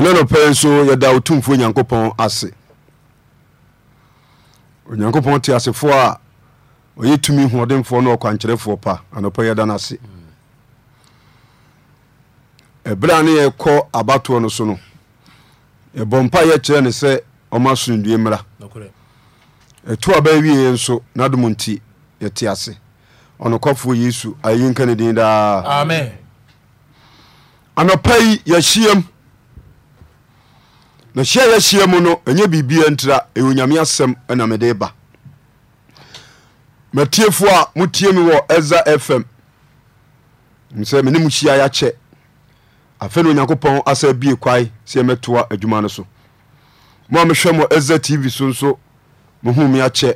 ɛna nɔpɛ nso yɛda otumfuo nyankopɔn ase onyankopɔn te asefoɔ a ɔyɛ tumi hoɔdenfoɔ na ɔkwankyerɛfoɔ pa anɔpɛ yɛda no ase ɛberɛ a ne yɛkɔ abatoɔ no so no yɛbɔ mpa yɛkyerɛ ne sɛ ɔma asomdue mmra ɛto a bɛawieɛ nso n'adom nti yɛte ase ɔnokwafoɔ yesu ayɛyinka ne din daa anɔpa yi yɛhyiam na hyia yɛahyia mu no ɛnyɛ biribia ntira ɛwɔ nyame asɛm namede ba matiefoɔ a motie mi wɔ ɛza fm sɛ mene mu hyia yɛakyɛ afei ne onyankopɔn asa bie kwae sɛ yɛmɛtoa adwuma no so mo a mehwɛ mɔ ɛza tv so nso mohu me akyɛ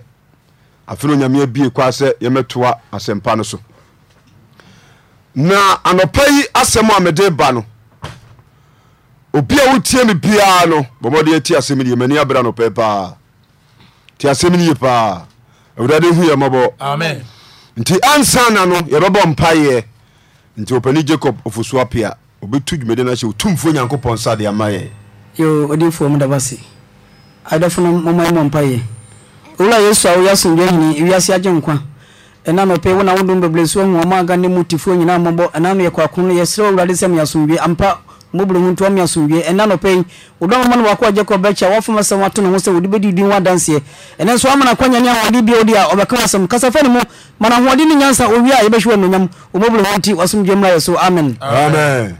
afei ne onyame abie kwae sɛ yɛmɛtoa asɛmpa no so na anɔpa yi asɛm a mede ba no obi a wotie me biaa no bɔmɔde ti asɛm no mani abra no pɛ paa ti asɛm no ye paa awurade hu yɛ mɔbɔ nti ansa na no yɛbɛbɔ mpayɛ nti ɔpani jacob ɔfosuo apia ɔbɛtu dwumade no ahyɛ ɔtumfuo nyankopɔn sa sadeɛ ama yɛ ɔdefoɔ mu daba se adɔfo no mɔma mɔ mpayɛ owura yesu a woyɛ asomdwa hini ewiase agye nkwa ɛna nɔpɛ wona wodom bebrɛ so ahu ɔma aga ne mu tifoɔ nyinaa mmɔbɔ ɛna no yɛkɔ akrono yɛserɛ awurade sɛ meyɛ asomdwe ampa mobile ho ntoa miaso wie ena no pei wodɔ mama no wakɔ agye kɔ bɛkyɛ wafom asɛm wato ne ho sɛ wode bɛdi din wadanseɛ ɛnɛ nso ama nakwanya ne ahoɔde bia wode a ɔbɛka wasɛm kasafɛ ne mo mana na ahoɔde ne nyansa owie a yɛbɛhwɛ anuonyam wɔ mobile ho nti wasomdwa mmra yeso so amen amen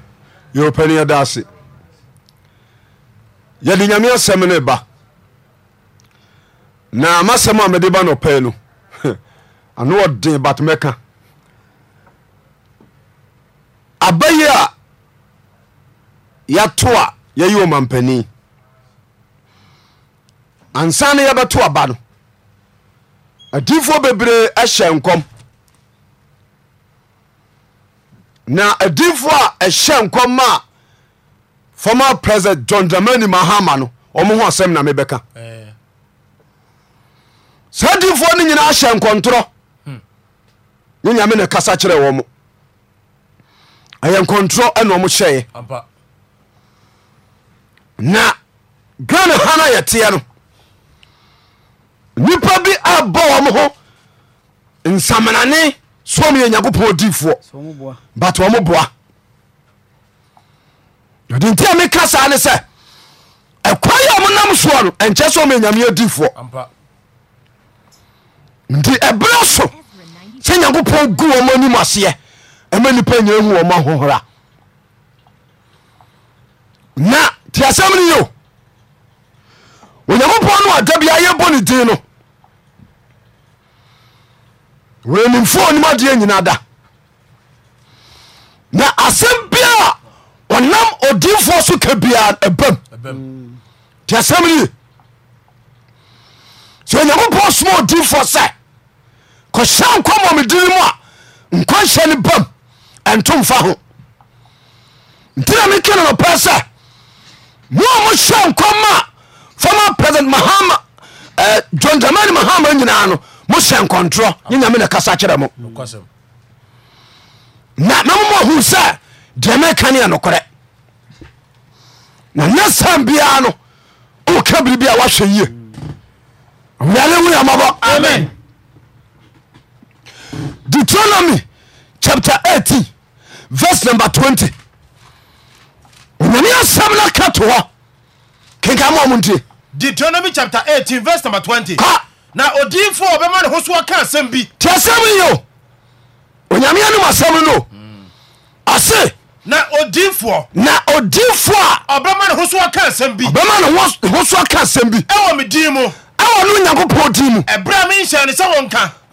yɛwɔpani ɛda ase ya di asɛm semene ba na masɛm a mede ba pei no ano ɔden batmeka mɛka abayɛ a yɛto a yɛyi wɔ manpani ansa no yɛbɛto aba no adiyifoɔ bebree ɛhyɛ nkɔm na adiyifoɔ a ɛhyɛ nkɔm ma formal president john dramani mahama no ɔmo ho asɛm na mebɛka saa adiyifoɔ no nyinaa hyɛ nkɔntorɔ ne nyame na kasa kyerɛ wɔ mo ɛyɛ nkɔntorɔ ɛna ɔmo hyɛɛ. na grano hana ayɛteɛ no nipa bi abɔ o m ho nsaminane somyɛ nyankopɔn difoɔ but ɔmoboa dentia meka saa ne sɛ ɛkwa yɛ omonam soa no nkyɛ smyɛ nyamea difoɔ nti ɛberɛ so sɛ nyankopɔn gu wɔm animaseɛ manipa nya hu ɔm ora nti asɛm no yio onyankopɔn no ada bia yɛbɔ ne din no wɛnimfo onim adeɛ nyina da na asɛm bia a ɔnam odinfoɔ so ka biaa ɛbam nti asɛm no ye sɛ onyankopɔn soma odinfoɔ sɛ kɔhyɛ nkɔmmɔmedini mu a nkɔnhyɛ no bam ɛntomfa ho ntina mekene nɔpɛ sɛ mo mo hyɛ nkɔm ma fama present maama eh, john gamany mohama nyinaa no mo syɛ nkɔntrɔ yenyame ne kasa cherɛ mo na mɛmomɔ hu sɛ deɛ meka neɛ nokorɛ na nesan biaa no owka bire bia wahwɛ yie wiare wu yamabɔ amen detronomy chapte 8t vers numbe 2n0 onyame asɛm no ka to hɔ kenka ma mo ntie deuteronomy chapter 18 verse number twenty. ha na odiyifo a ɔbɛma ne ho soɔ ka asɛm bi te asɛm yi o onyame anom asɛm no ase na odiyifoɔ na odiyifoɔ a ɔbɛma ne ho soɔ ka asɛm bi ɔbɛma ne ho soɔ ka asɛm bi ɛwɔ me din mu ɛwɔ no onyankopɔn din mu ɛberɛ a menhyɛ ne sɛ wɔnka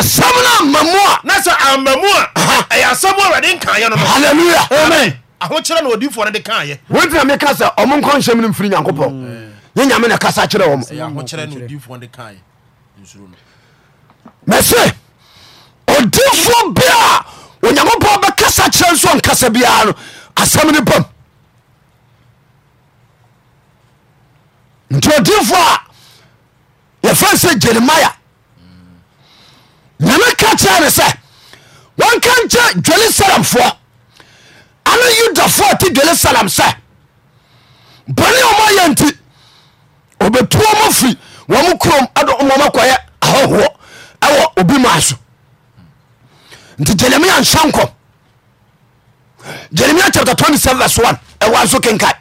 sɛkɛnɔ wtina meka sɛ ɔmo nkɔnhyɛmno mfiri nyankopɔn mm. yɛnyame no ɛkasa kyerɛ wɔ m mɛse odifoɔ bea onyankopɔn bɛkasa kyerɛ nso nkasa biaa no asɛm no pam ntidifoɔ a yɛfɛ sɛ jeremia nyame ka kyerɛ ne sɛ wɔnka nkyɛ dwerisalemfoɔ ane yudafoɔ te dwerisalem sɛ bɔne ɔmayɛ nti obɛtuo ma firi wɔ mo kurom adɔmakɔyɛ ahɔhoɔ ɛwɔ obi maa so nti jeremia nhyɛ nkɔm jeremia chapter 27 verse 1 ɛwɔ so kenkae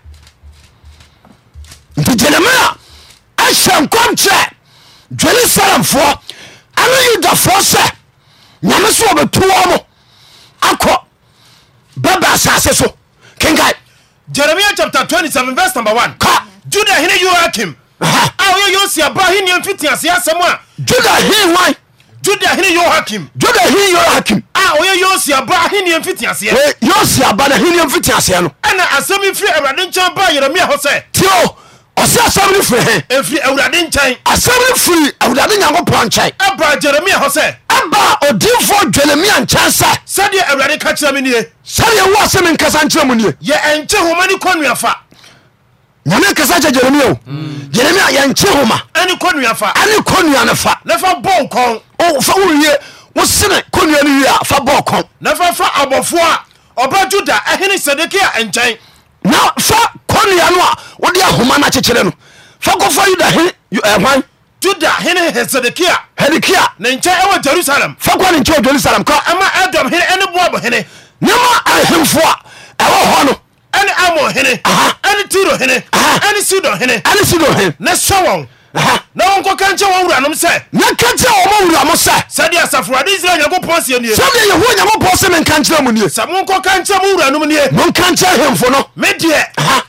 nti jeremia ɛhyɛ nkɔm kyerɛ dwerisalemfoɔ ɛne yudafoɔ sɛ nyame so wɔbɛtuwɔ mo akɔ bɛbɛ asase so kenkae jeremia chapter 27 verse number 1 ka juda hene yoakim a ɔyɛ yosia ba henea mfitiaseɛ asɛm a juda hen wan juda hene yoakim juda hen yoakim a ɔyɛ yosia ba henea mfitiaseɛ yosia ba na henea mfitiaseɛ no ɛna asɛm firi awurade nkyɛn baa yeremia hɔ sɛ tio ɔsɛ asɛm no firi he ɛfiri awurade nkyɛn asɛm no firi awurade nyankopɔn nkyɛn ɛbaa jeremia hɔ sɛ ɛbaa odiyifoɔ jeremia nkyɛn sɛ sɛdeɛ awurade ka kyerɛ me nie sɛdeɛ wo asɛm nkasa nkyerɛ mu nie yɛ ɛnkye homa ne kɔnnuafa nyame nkasa kyɛ jeremia o mm. jeremia yɛnkye homa ɛne kɔnnuafa ɛne kɔnnua no fa na fa bɔ nkɔn fa wowie wo sene kɔnnua no wie a fa bɔ kɔn na fa fa abɔfoɔ a ɔba juda ɛhene sedekia nkyɛn na fa kɔnua no a wode ahoma no akyekyere no fa kɔfa yuda eh, hwan juda hene hesedekia hedekia ne nkyɛn ɛwɔ jerusalem fa kɔ ne nkyɛn wɔ jerusalem kɔ ɛma edom hene ɛne boab hene nema ahemfo a ɛwɔ hɔ no ɛne amon hene ɛne tiro hene ɛne sidon hene ɛne sidon hene ne sɛ wɔn na wɔnkɔka nkyɛ wɔ wuranom sɛ na ka kyerɛ wɔma wura mo sɛ sɛdeɛ asafoade israel nyankopɔn seɛ nie sɛdeɛ yɛhoa nyankopɔn sɛ menka nkyerɛ mo nie sɛ monkɔka nkyerɛ mo wuranom nie monka nkyerɛ ahemfo no medeɛ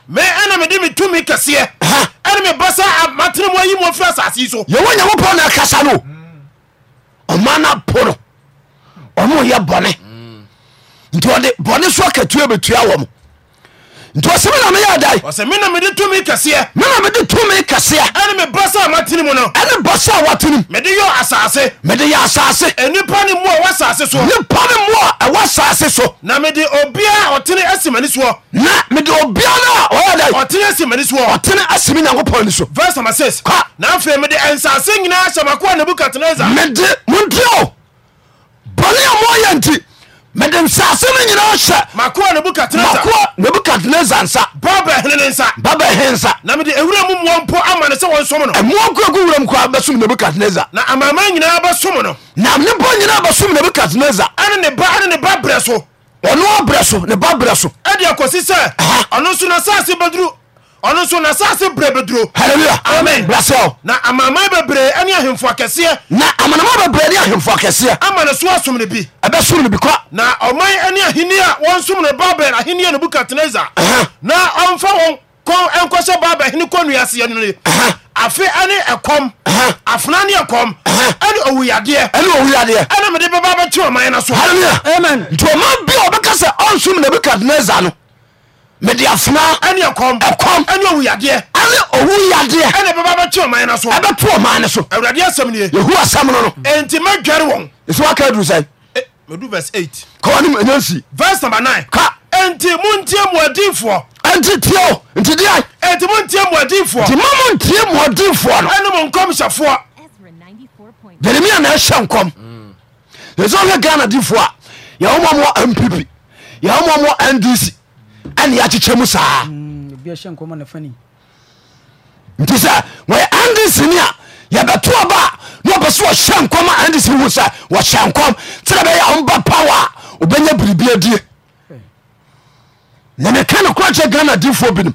me ɛna mede me tumi kɛseɛ ɛne mebasa amatene mu ayi mu afiri asase yi so yɛwɔ nyankopɔn na ɛkasa no ɔma no po no ɔmoyɛ bɔne mm. nti ɔde bɔne so akatua bɛtua wɔ mo nti ɔsɛ mena meyɛ dae ɔsɛ mena mede tumi kɛseɛ mena mede tumi kɛseɛ ɛne me bɔ sɛ a matene mu no ɛne bɔ sɛ a watene mede yɛ asase mede yɛ asase nnipa ne mmoa ɛwɔ asase so nnipa ne mmoa ɛwɔ asase so na mede obiaa ɔtene asi m'ani soɔ na mede obia no a ɔyɛ dae ɔtene asi m'ani soɔ ɔtene asi me nyankopɔn ani so vers nama 6 ka na afei mede ɛnsase nyinaa hyɛ makoa nebukadnasar mede montuo bɔne a moayɛ nti mede nsase no nyinaa hyɛ makoa nebukadnezar nsa babahene nsa babahe nsa na mede awura mu mmoa mpo ama ne sɛ wɔnsom no ɛmoa kurako wura mu koraa bɛsom nebukadnezar na amama nyinaa bɛsom no na nnipa nyinaa bɛsom nebukadnezar ɛne ne ba ɛne ne ba berɛ so ɔno ɔbrɛ so ne ba berɛ so ɛde akɔsi ɔno nso nasase berɛ bɛduro halleluya amen brasɛw na amanaman bebree ɛne ahemfo akɛseɛ na amanaman bebree ne ahemfo akɛseɛ ama ne so asom no bi ɛbɛsom no bi kɔ na ɔman ne ahenni a wɔnsom no babel ahenni a nebukadnesar na ɔmfa wɔn ɛnkɔhyɛ babel hene kɔnnuaseɛ no ne afe ɛne ɛkɔm afena ne ɛkɔm ɛne owuyadeɛ ɛne owuyadeɛ ɛna mede bɛba bɛkye ɔman no so halleluya amen nti ɔman bi a ɔbɛka sɛ ɔnsom nebukadnesar no mede afena ɛne ɛkɔm ɛkɔm ɛne owu yadeɛ ɛne owu yadeɛ ɛne bɛba bɛte ɔman no so ɛbɛto ɔman no so awurade asɛm no no enti mɛdware wɔn ɛsɛ waka aduru sɛ e, mɛdu verse 8 kawanem ɛnyansi verse number 9 ka enti montie mu adifoɔ ɛnti tie o nti deɛ enti montie mu adifoɔ nti mamo ntie mu adifoɔ no ɛne mo nkɔmhyɛfoɔ jeremia na ɛhyɛ nkɔm ɛsɛ wohwɛ ghana difoɔ a yɛwomɔmɔ mpp yɛwomɔmɔ ndc ɛneɛakyekyɛ mu saa nti sɛ wɔyɛ angesini a yɛbɛtoa ba a na ɔpɛ sɛ wɔhyɛ nkɔm a angesini mu sɛ wɔhyɛ nkɔm sɛdɛ bɛyɛ ɔmba power a ɔbɛnya biribia die eh. na meka no kyɛ ghana difoɔ binom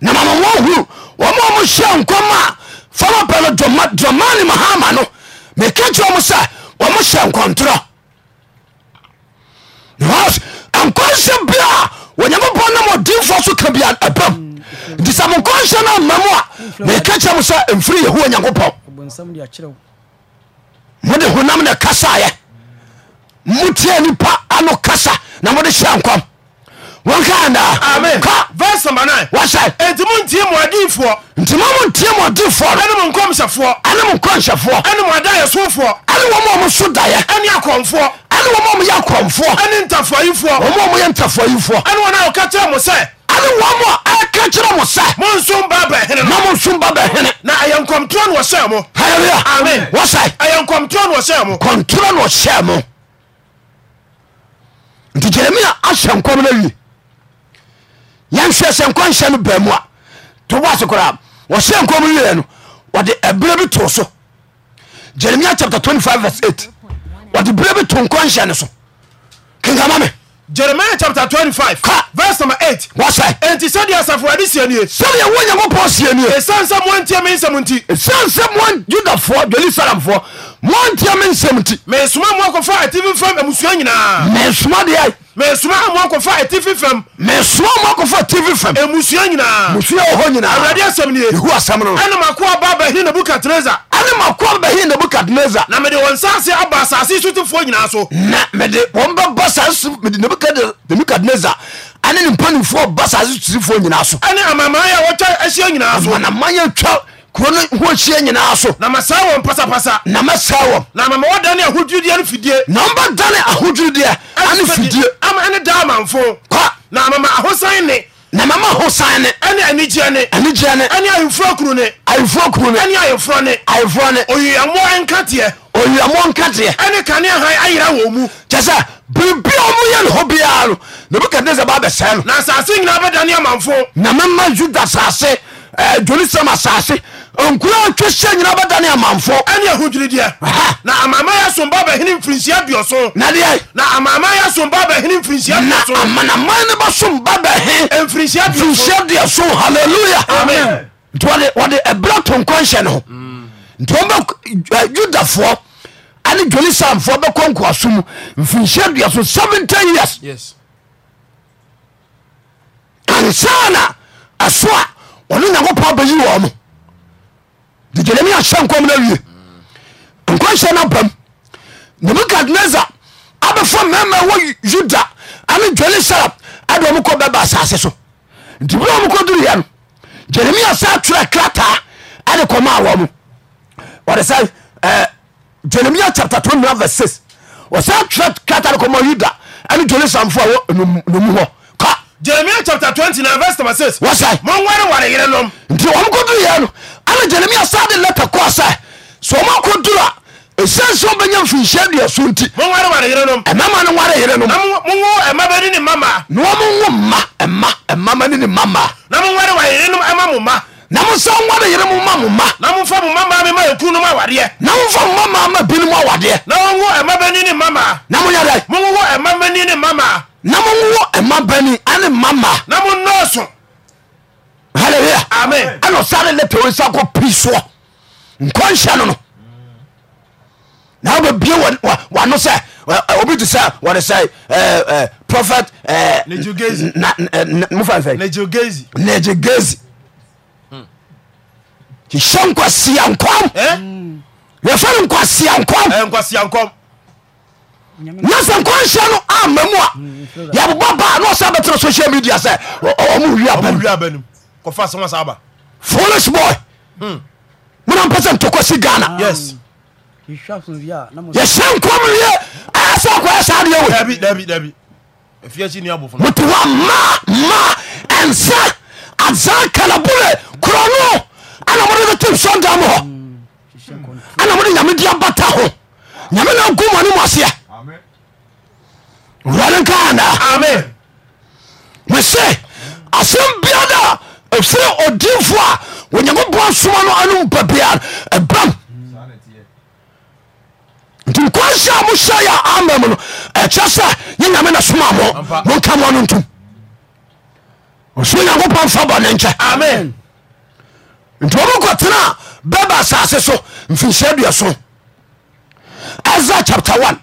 na mama wɔhu wɔma ɔmo hyɛ nkɔm a fama pɛ no dɔmane mahama no meka kyerɛ ɔmo sɛ ɔmo hyɛ nkɔntorɔ nkonhyɛ biaa ɔnyankopɔn namodinfoɔ so ka bia abam nti sɛ mo nkonhyɛ no ama mo a maɛka kyrɛ mo sɛ mfiri yɛhoa nyankopɔn mode honam ne kasayɛ mo tia nipa ano kasa na mode hyɛ nkm wsɛntimontiemuadenfoɔ ntimomo ntie muɔdenfoɔ ɛne mo nkɔmhyɛfoɔ ɛne mo nkɔmhyɛfoɔ ɛne mo adayɛ sofoɔ ɛne wɔma mo so daeɛ ɛne akɔmfoɔ ɛne wɔma mo yɛ akɔmfoɔ ɛne ntafoayifoɔ wɔma mo yɛ ntafoayifoɔ ɛne wɔn a wɔka mo a ɛka kyerɛ mo sɛ monsom ba bɛhene na monsom ba bɛhene na mo na na nti jeremia ahyɛ nkɔm no wie yɛnhwɛ sɛ nkɔ nhyɛ no baamu a toboase koraa wɔhyɛ nkɔ mu yɛ no wɔde ɛberɛ bi too so jeremia chapter 25 verse 8 wɔde berɛ bi to nkɔ nhyɛ no so kenkama me jeremia chapter 25 ka verse number 8 wɔsɛ enti sɛdeɛ asafo ade sie nie sɛdeɛ wo nyankopɔn sie nie ɛsiane sɛ moantie me nsɛm nti ɛsiane sɛ moan judafoɔ jerusalemfoɔ montia me nsɛm nti mesoma moakɔfa atifi fam amusua nyinaa mesoma deɛ mesoma moakɔfa atifi fam mesoma moakɔfa atifi fam amusua nyinaa musua wɔ hɔ nyinaa awurade asɛm nie ɛhu asɛm no ɛne makoa ba bɛhene nebukadnezar ɛne makoa bɛhene nebukadnezar na mede wɔn sase aba asase sotefoɔ nyinaa so na mede wɔn bɛba saa so mede nebukadnezar ɛne ne mpanimfoɔ ba saa so sotefoɔ nyinaa so ɛne amamaa yɛ wɔtwa ahyia nyinaa so manamaya twa kuro no ho hyia nyinaa so na masaa wɔn pasapasa na mɛsaa wɔm na mama wɔdane ahodwirideɛ no fidie na ɔmbɛdane ahodwirideɛ ane fidie ama ne daa amanfo ka na mama ahosan ne na mama ahosan ne ɛne anigyeɛ ne anigyeɛ ne ɛne ayemfoɔ kuro ne ayemfoɔ kuro ne ɛne ayemfoɔ ne ayemfoɔ ne oyiamoɔ nkateɛ oyiamoɔ nkateɛ ɛne kane ahan ayera wɔ mu kyɛ sɛ biribi a ɔmo yɛ ne hɔ biara no nebukadnezar ba bɛsɛe no na asase nyinaa bɛdane amanfo na mɛma yuda asase jerusalem asase nkura twe sɛ nyina bɛda ne amanfoɔn amanama no bɛsom mm. ba bfyɛ de so allelua nti ɔde ɛbrɛ tonko hyɛ ne ho nti yudafoɔ ane jerusalemfoɔ bɛkɔnkoasom mfirinsyia duso 7 years ansanɛsɔnnyankpɔ de jeremia hyɛ nkɔm no wie nkɔhyɛ no abam nebukadnezar abɛfa mmarima wɔ yuda ane jerusalem ade ɔmo kɔ bɛba asase so nti bere ɔmo kɔduru yɛ no jeremia sa twerɛ krataa ade kɔmaa wɔ mo wɔde sɛ ɛɛ jeremia chapter twenty nine verse six wɔsa twerɛ krataa de kɔmaa yuda ane jerusalem fo a numu hɔ jeremia chapter twenty nine verse number six. wọ́n sẹ́. mo ń wárí wàrí yẹrẹ lọ. nti wọn kò dúró yẹn no ana jeremia sáde lẹ́tà kọ́ ọ̀sẹ̀ sọ wọn kò dúró a esenso bɛ nye nfinhyɛ deɛ so nti. mo ń wárí wàrí yẹrẹ lọ. ɛmɛma ni wárí yẹrẹ lọ. mo ń wo ɛmɛ bɛ ni ni mama. na wɔn mo ń wo mma ɛmma ɛmama ni ni mama. na mo ń wárí wàrí yẹrẹ lọ ɛma mo ma. na mo sɛ ŋwa de yɛrɛ mo ma mo ma. na mo fɔ mo ma maa mi ma mama. na monwo ɛma bani ane mama namonɔso hallelua an sare lete wɛsa kɔ pi soɔ nko hyɛ no no na wobe bie wano sɛ obi to sɛ wesɛ proet najegesi ehyɛ nka sia nkom yefare nka sia nkɔm na sɛ nko nhyɛ no ama mua yɛbobaba ne ɔsɛ bɛtera social media sɛ ɔmwiann follish boy monapɛ hmm. sɛ ntɔkosi ghanayɛsyɛnko mewie asɛkɔ yɛ sa deɛ wemut wa ma ma nsa azan kalabole korɔ no anamode se temsundam hɔ ana hmm. mode nyame dea bata ho nyame nagumane asɛ orare nkaanaa mese asɛm bia da aforo odinfoa wo nyakobɔn soma no anomba bia abam inti nko sa mo sa ya amba muno ɛcha sɛ nyenyame na soma mo monkamowano ntum oso nyanko bɔn fa bɔne nkhɛ amen nti womoko tera bɛba sase so imfinse aduaso iisay chapta one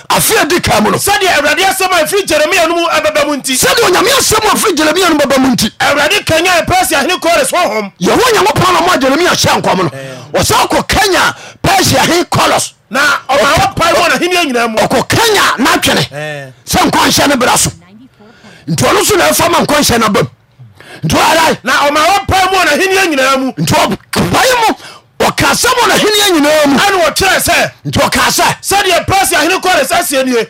afe di ka mu no sɛdeɛ awurade onyame asɛm a jeremia no bɛba mu nti awurade nyankopɔn na ma jeremia hyɛ nkɔm no wɔsan eh. kɔ kanya persia he kolos na ɔkɔ kanya natwene eh. sɛ nkɔnhyɛ no bra so nti ɔno so na ma nkɔnhyɛ no bam nti ɔpae mu ɔka sɛ mɔ nahenia nyinaa mu ɛne wɔkyerɛ sɛ nti ɔka sɛ sɛdeɛ persia hene kores asie nie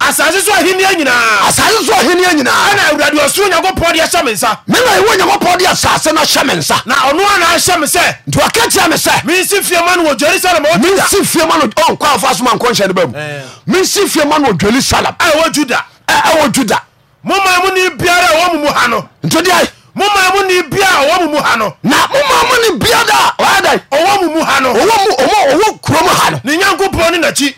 asase so ahenia nyinaa asase so ahenia nyinaa ɛna awurade ɔsoro onyankopɔn de ahyɛ me nsa mena ɛwɔ onyankopɔn de asase no hyɛ me nsa na ɔno anaa hyɛ me sɛ nti ɔka kyerɛ me sɛ mensi fiema no wɔ jerusalem mensi fiema no ɔnkwafa so ma nkɔnhyɛ no ba mu mensi fiema no wɔ jerusalem ɛwɔ juda ɛwɔ juda moma mu ne biara ɛwɔ mu mu ha no nti deɛ moma mo ne bia ɔwɔ mo mu ha no na moma mo ne bia da ɔyɛdɛn ɔwɔ mo mu ha no ɔwɔ kurom ha no ne nyankopɔn ne n'akyi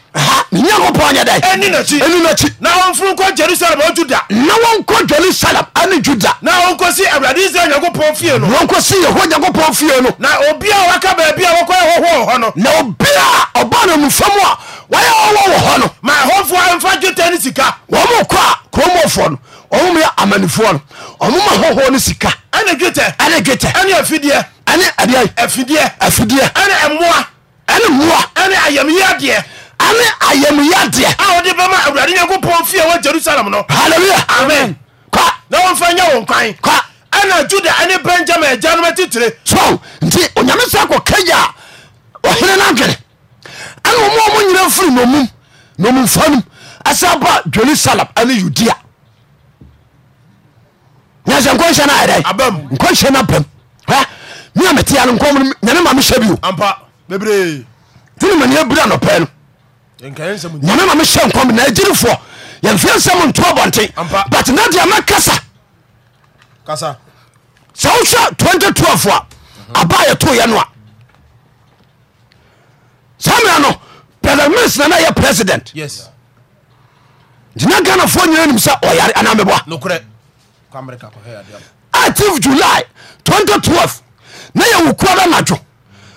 ne nyankopɔn yɛ dɛn Eni n'akyi ɛni n'akyi na wɔmforo nkɔ jerusalem ɔ da? na wɔnkɔ jerusalem ani ju da? na wɔnkɔ si awurade israel nyankopɔn fie no wɔnkɔ si yɛhɔ nyankopɔn fie no na obia a waka baabi a wɔkɔ ɛhɔhɔ wɔ hɔ no na obia a ɔba no mufam a wɔyɛ ɔwɔ wɔ hɔ no ma ɛhɔfoɔ mfa dwetɛ ne sika wɔmokɔ a kuromɔfoɔ no ɔmo yɛ amanifoɔ no ɔmo ma hɔhɔ ni sika ɛne dwetɛ ɛne dwetɛ ɛne afideɛ ɛne ɛdeɛ afideɛ afideɛ ɛne ɛmoa ɛne mmoa ɛne ayamyadeɛ ɛne ayamyadeɛ a wɔde bɛma awurade nyankopɔn fie wɔ jerusalem no Hallelujah, amen kɔ na wɔmfa nyɛ wɔn kwan kɔ ɛna juda ɛne benjamin agyanom atitire so nti onyame sa kɔ kagya a ɔhene no adwene ɛne ɔmo ɔmo nyina firi nomum nomumfa nom ɛsɛ ba jerusalem ɛne yudea yasɛ nkɔnhyɛ no ayɛdɛ abam nkɔnhyɛ no abam me a metea no nkɔm nyame ma mehyɛ bio ampa bebree tini mani abira nɔpɛ no nyame ma mehyɛ nkɔm na agyirifoɔ yɛmfeɛ nsɛm ntoa bɔnten but na deɛ mɛkasa kasa sɛ wohwɛ 2012 a aba yɛtoyɛ no a saa mmera no pɛdamins na na yɛ president nti na ghanafoɔ nyina nim sɛ ɔyare anaa meboa atif july 2012 na yɛwo kuada anadwo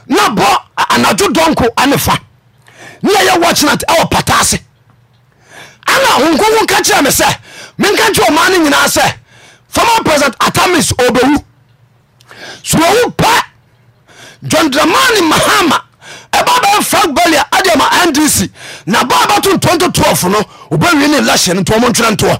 na bɔ anadwo dɔnko ane fa ne yɛyɛ watchnat ɛwɔ pata ase ana honkonko ka kyerɛ me sɛ menka kyerɛ ɔma no nyinaa sɛ former president atamis obɛwu suowu pa john dramani mahama ɛba bɛyɛ frank balia adiama ndc na ba bɛto 2012 no obɛwie ne election ntoɔ mo ntwerɛ ntoɔ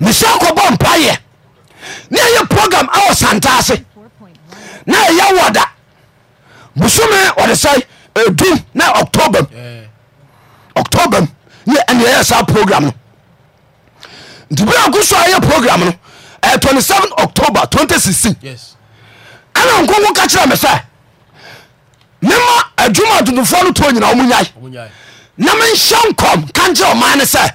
mesɛ kɔbɔ mpayɛ ne ɛyɛ program aɔ santa ase ne ɛyɛ wada muso me ɔde sɛi adun na ctoba m october m eɛ ɛneɛ yɛ saa program no nti bira ku soa ɛyɛ program no 27t october 2016 kane nkonko ka kyerɛ me sɛ mema adwuma adontufoɔ no toɔ nyina omu nyai na menhyɛ nkɔm ka nkyeɛ ɔma ne sɛ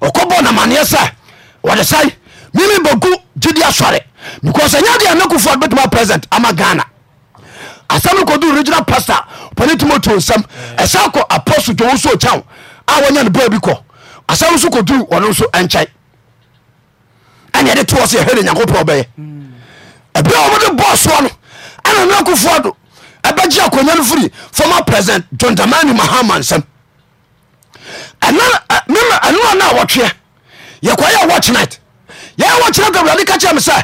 ɔkɔbɔ namaneɛ sɛ wɔde sɛe meme bɛgu gyidi asɔre because ɛnyɛ deɛ nakufo de bɛtumi present ama ghana asɛm kɔdu regional pastor pɔne timoto nsɛm ɛsɛ kɔ apostle dwowo so kyɛw a wɔnya ne baa bi kɔ asɛm nso kɔduru ɔno nso ɛnkyɛn ɛne ɛde toɔ sɛ ɛhwɛ ne nyankopɔn bɛyɛ ɛberɛ wɔmode bɔɔ soɔ no ɛna nakufoɔ do ɛbɛgye akonya no firi former president john damani mahama nsɛm ɛnoana wɔteɛ yɛkɔ yɛ wa chniht yɛyɛwachnt awade ka che m sɛ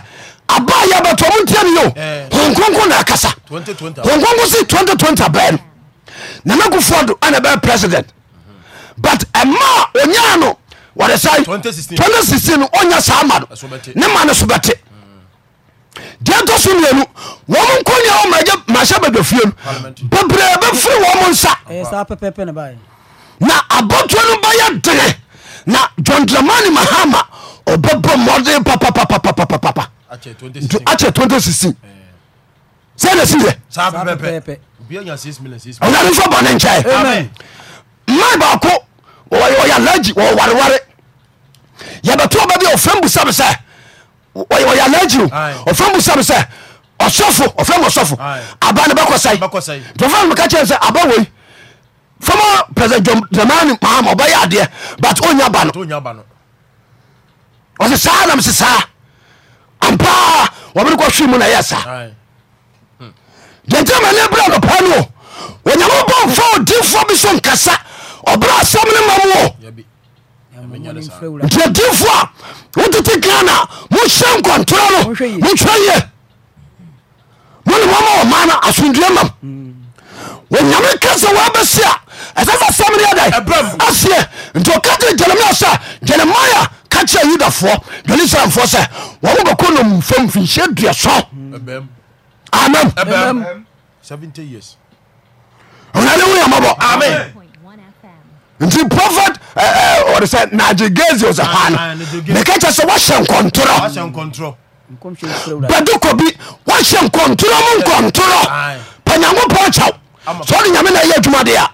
aba yɛbɛtom niane hokonk nɛkasahoko s 2020 abɛn nankd nɛ president but ɛma ya ns2016 ya saa ma ne man sobɛte deɛ sonen m nayɛ badwa fiem bbrɛ bɛfrɛ m nsa na abotuo no bɛyɛ dene na john dramani mahama ɔbɛbɔ mmɔden papapapapapapa akyɛ 2016 sɛne si yɛ ɔnyame nso bɔ ne nkyɛe mmaa baako ɔyɛ alagi wɔwareware yɛbɛto ɔbɛ bi ɔfrɛ mbu sɛbe sɛ ɔyɛ alagi o ɔfrɛ mbu sɛbe sɛ ɔsɔfo ɔfrɛ mu ɔsɔfo aba ne bɛkɔ sɛe nti ɔfrɛ mu ka kyerɛ sɛ aba wei fama present jamany mobayadeɛ but onya bano ose sa namse saa ampaa wobere ko se mu hmm. na yɛ sa dante mane brama pa no onyame bafaodinfoo biso nkasa obra asamne mamo ntidinfo a wotete kana moso nkontoro no moaye monemma oman asomdua ma onyame kase wabesea ɛsɛ fa samirea da asie nti ɔka kerɛ jeremia sɛ jeremia ka kyerɛ yudafoɔ jerusalemfoɔ sɛ wɔmɔbakɔnommfam finhyɛ dua so amanwyamɔbɔ nti profɛtesɛ nagegesioshn mekɛ kyɛ sɛ wahyɛ nkɔntorɔ bɛdekobi wahyɛ nkɔntorɔ m nkɔntorɔ pɛ nyankopɔn akyaw sɛ wɔde nyame na ɛyɛ adwumadeɛa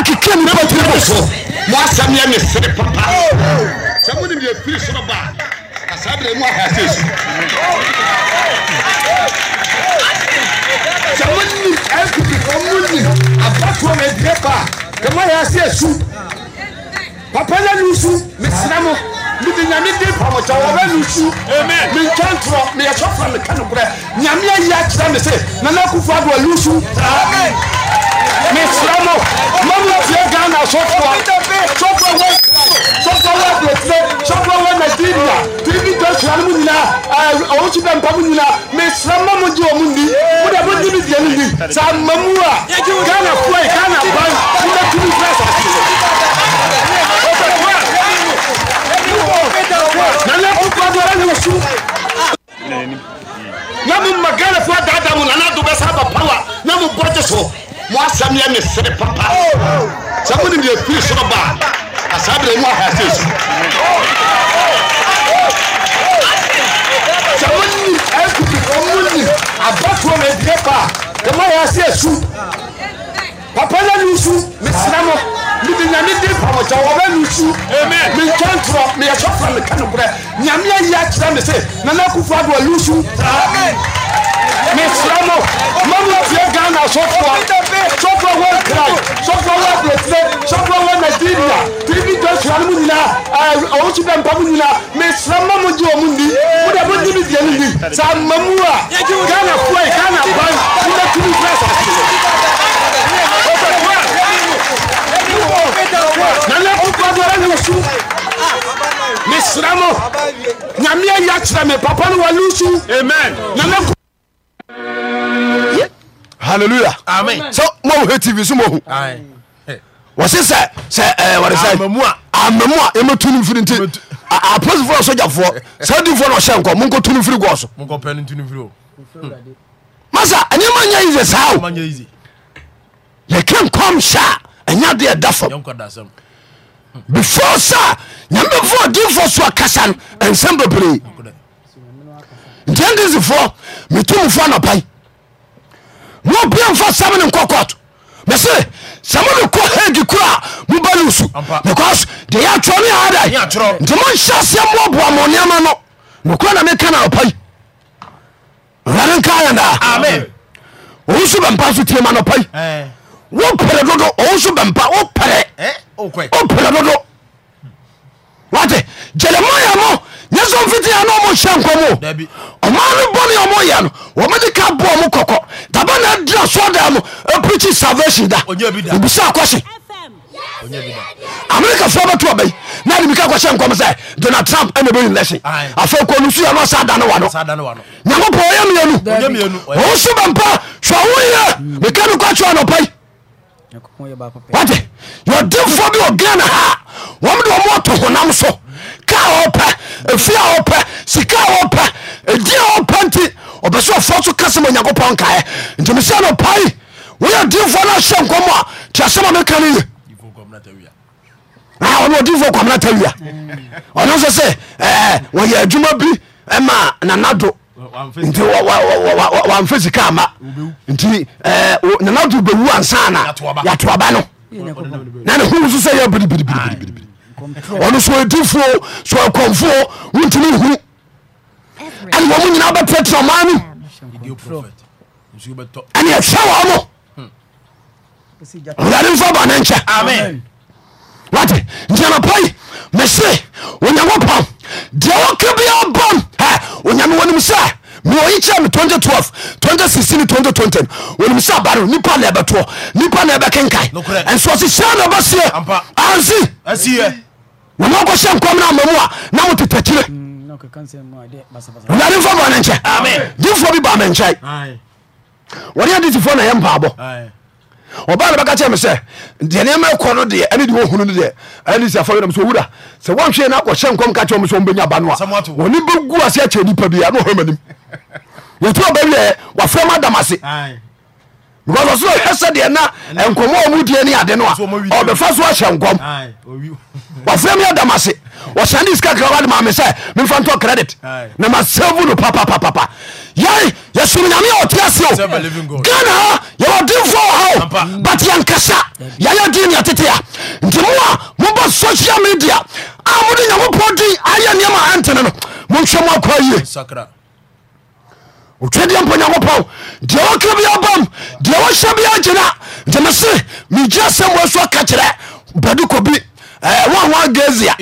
akeke nipa tiri bɔ so. mo asɛm yɛ ne sere papa sɛ mo ni mi efiri soro ba kasa mu aha se su. sɛ mo ni npp fɔ mo ni abatoɔ ma ebie ba kɛ yɛ se su papa yɛ nu su mi sira mo mi di nyame di pamɔtɔ wɔ bɛ nu su mi nkyɛn torɔ mi yɛ sɔfra mi ka ne korɛ nyame ayi akyerɛ mi se nana kufu adu ɔlu su mesrɛ mo ma motie ghana sɔfoɔ sɔfoɔ wɔ sɔfoɔ wɔ adeɛtirɛ sɔfoɔ wɔ nigeria tiribi dɔsua no mu nyinaa ɔwo so bɛ mpa mu nyinaa mesrɛ ma mo gye wɔ mu nni mode modi me deɛ no ni saa ma mu a ghana foɔ yi ghana ban wobɛtumi frɛ sase nane akokɔ dɔra ne wosu na mo ma ghana foɔ daadaa mu nana ado bɛsa ba pawa na mo bɔgye so mo asɛm yɛ me sere papa sɛ mo nim deɛ firi soro ba a asaa berɛ mu aha sɛ su sɛ monim akutu ɔmonim abatoɔ ma adie pa a dɛma yɛ ase asu papa na ne su mesra no mede nyame de mpamakyɛ wɔbɛ no su mentwa ntorɔ meyɛ sɔfra meka no borɛ nyame ayi akyerɛ me se nana akufo ado alu su mesrɛ mo ma motie ghana sɔfoa sɔfoa wɔ nkrai sɔfoa wɔ abrɛtirɛ sɔfoa wɔ nigeria tiribi dɔ sura no mu nyinaa ɔwosi bɛ mpa mu nyinaa mesrɛ ma mo gye wɔ mu nni mode mode me deɛ no nni saa ma mu a ghanafoɔ yi ghana ban wobɛtumi brɛ sase nane wokɔ biara ne wosu mesrɛ mo nyame ayi akyerɛ me papa no wale su amen nane halleluya amen sɛ mowo hɛ tv so mohu wɔse sɛ sɛ wɔde sɛ amamu a yɛmɛtu e no mfiri nti aposifoɔ sogyafoɔ saa difoɔ no ɔhyɛ nkɔ monkɔtu no mfiri gɔɔ so hmm. masa ɛnyɛma nyɛ yise saa o yɛka nkɔm hyɛ a eya dedafa before sa yamepodno skasa nsanbbre tdesi fo metmu fo npai mbinfo samine kokomese semonekikro mo barsu because eya tron tmses mbba monama no nkroe mekana nopai werenkaada oso bepa so tma nopai wopere dodo ɔwo so bɛmpa wopere eh, wopere dodo wate jeremia mo nyɛ sɛ mfitia na ɔmo hyɛ nkɔm o ɔma no bɔne ɔmo yɛ no wɔmede ka boɔ mo kɔkɔ daba na adira so da mo e salvation da obisa akɔhye amerikafoɔ bɛto ɔbɛyi na ne mika kɔhyɛ nkɔm sɛ donald trump ɛna bɛyi lɛhye afei kɔ no so yɛ no ɔsa da ne wa no nyankopɔn ɔyɛ mmienu ɔwo so bɛmpa hwɛ woyɛ meka mm. no kɔakyewa nɔpai wate yɛɔdemfoɔ bi ɔgana ha wɔmde ɔmo ɔto honam so ka ɔpɛ ɛfia ɔpɛ sika ɔpɛ ɛdina ɔpɛ nti ɔbɛ sɛ ɔfoɔ so kasɛm onyankopɔn nkaɛ nti mesɛ no pai woyɛ dimfoɔ no ahyɛ nkɔm a tiasɛm a meka no ye ɔne ɔdimfoɔ kwamenata wia ɔno nso sɛ wɔyɛ adwuma bi ma nanado nti wamfa sika ama nti eh, nanado bɛwu ansa na yɛatoaba no na ne huru so sɛ yɛ biribiribiribiri ɔno so ɛdifuo so ɛkɔmfoɔ wontumi huru ɛne wɔ mo nyina hmm. wobɛtrɛtrɛ ɔma no ɛne ɛhwɛ wɔ mo owurade mfa bɔ ne nkyɛ wate nti anapai mese onyankopɔn deɛ wɔka bia bɔm onyame wonim sɛ meɔyi kyerɛ me 2012 2016 2020 wonim sɛ abare nipa na ɛbɛtoɔ nipa na ɛbɛkenkae ɛnsoɔse hyɛ na ɛbɛsie ansi wɔma kɔhyɛ nkɔm no ama mu a na motetakyire mm, ɔdade mfa bɔne nkyɛ difoɔ bi ba me nkyɛe wɔde adetifoɔ na ɛyɛ mpaabɔ ɔba ne bɛka kyɛ me sɛ deɛ nneɛma ɛkɔ no deɛ ɛne de wɔhunu no deɛ ɛne sɛ afɔyɛ nam sɛ owura sɛ wɔnhwee no akɔhyɛ nkɔm ka kyɛ ɔm sɛ ɔmbɛnya ba no a wɔne bɛgu ase akyɛ nnipa bia ne ɔhɔmanim yɛti ɔbɛwiɛ wafrɛ m adam ase because ɔsoro hwɛ sɛ deɛ na nkɔmɔ oh, a ɔmudie ne ade no a ɔbɛfa so ahyɛ nkɔm wɔfrɛ me adam ase wɔhyɛne sika kra wade maame sɛ memfa ntɔ credit na masɛvu no papapapapa yɛn yɛsom nyame a ɔte ase o ghana ha yɛwɔ dimfo wɔ ha o but yɛnkasa yɛyɛ din ne yɛtete a nti mo a mobɔ social media a mode nyankopɔn din ayɛ nneɛma ɛntene no monhwɛ mo akɔ yie otwadeɛ mpo nyankopɔn deɛ wɔka bia bam deɛ wɔhyɛ bia gyina nti mese megye asɛm wɔ so ka kyerɛ bade kɔbi wawa gasia